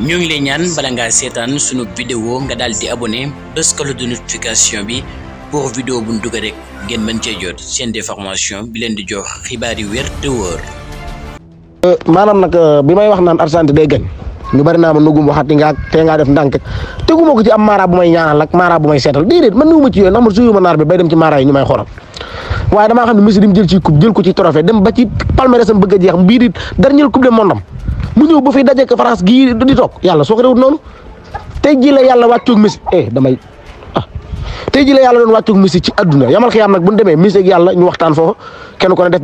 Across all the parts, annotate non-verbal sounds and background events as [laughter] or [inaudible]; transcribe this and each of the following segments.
ñu ngi lay ñaan bala nga sétane suñu vidéo nga dal di abonné notification bi pour vidéo bu dugg rek ngeen mën ci jot seen déformation bi leen di jox xibaar yu wër te wër manam nak euh, bi may wax naan Argentine day gañ ñu bari na ma nugum waxati nga te nga def té teguma ko ci am mara bu may ñaanal ak mara bu may seetal déedéet man niwuma ci yooyu ndax suñu suyuma naar bi bay dem ci mara yi ñu may xoral waye dama xamni monsieur dim jël ci coupe jël ko ci trophée dem ba ci palmarès am bëgg jeex mbii dernier coupe de monde mu ñëw ba fi dajeeg France gii di toog yàlla soo ko réewut noonu tey jii la yàlla wàccoog Messi eh damay ah tey jii la yàlla doon wàccoog Messi ci àdduna yamal xiyaam nag bu ñu demee Messi ak waxtaan foofa kenn ko de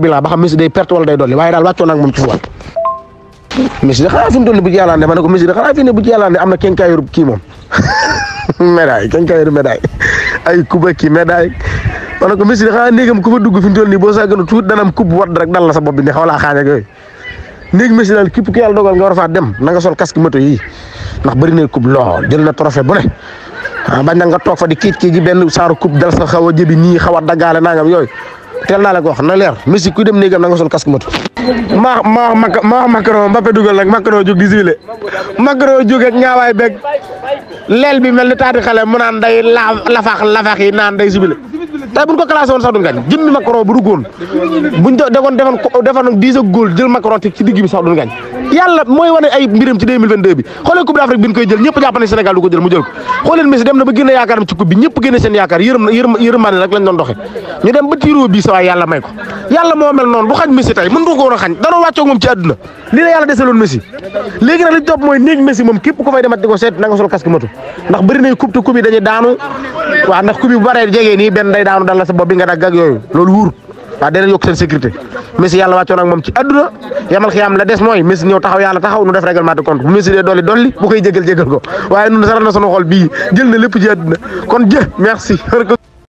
xanaa fi mu toll bu ci yàllaande ma ne ko Messi de xanaa fi ne bu ci yàllaande am na kenkaayu [laughs] ay kuba kii médaille. ma ne ko Messi de xanaa néegam ku fa dugg fi mu toll nii boo saa gën a tuut dana am coupe war rek dal la sa bopp bi ne laa xaañ ak léegi messi daal képp ku dogal nga war dem na nga sol casque moto yi ndax bari na coupe lool jël na trophée bu ne ah bañ na nga toog fa di kiit kii ji benn saaru coupe dal sa xaw a ni nii xaw a daggaale nangam yooyu la ko wax na leer messi ku dem néegam na nga sol casque moto. ma ma ma wax Macron Mbappé dugal nag Macron jóg di sibilé Macron jóg ak ñaawaay bek lel bi mel ni taati xale mu naan day laafax yi day tey buñ ko classé woon sax duñ gañ jënd Macron bu duggoon buñ defoon defoon jël Macron teg ci digg bi sax duñ gañ yàlla mooy wane ay mbiram ci 2022 bi xooleen coupe d'Afrique bi ñu koy jël ñëpp jàpp ne Sénégal du ko jël mu jël ko xooleen Messi dem na ba génne yaakaaram ci coupe bi ñëpp seen yaakaar yërëm yërëm rek lañ doon ñu dem ba tiiroo bii sa yàlla may ko yalla mo mel non bu xañ Messi tay mën nga ko wona xagn da danoo waccu mom ci aduna li la yalla desselon Messi legui nag li top moy neeg Messi mom kep ku fay demat diko set nga sol casque matu ndax bari nay coupe coupe dañi daanu wa ndax coupe bu bare jegee ni ben day daanu dal la sa bopp bi nga dag ak yoy lolou wour wa dene yok sen sécurité Messi yalla waccu nak mom ci aduna yamal xiyam la des moy Messi ñew taxaw yalla taxaw nu def règlement de compte bu Messi dee doli doli bu koy jégal jégal ko waye nu sarana sunu xol bi jël na lepp ci aduna kon je merci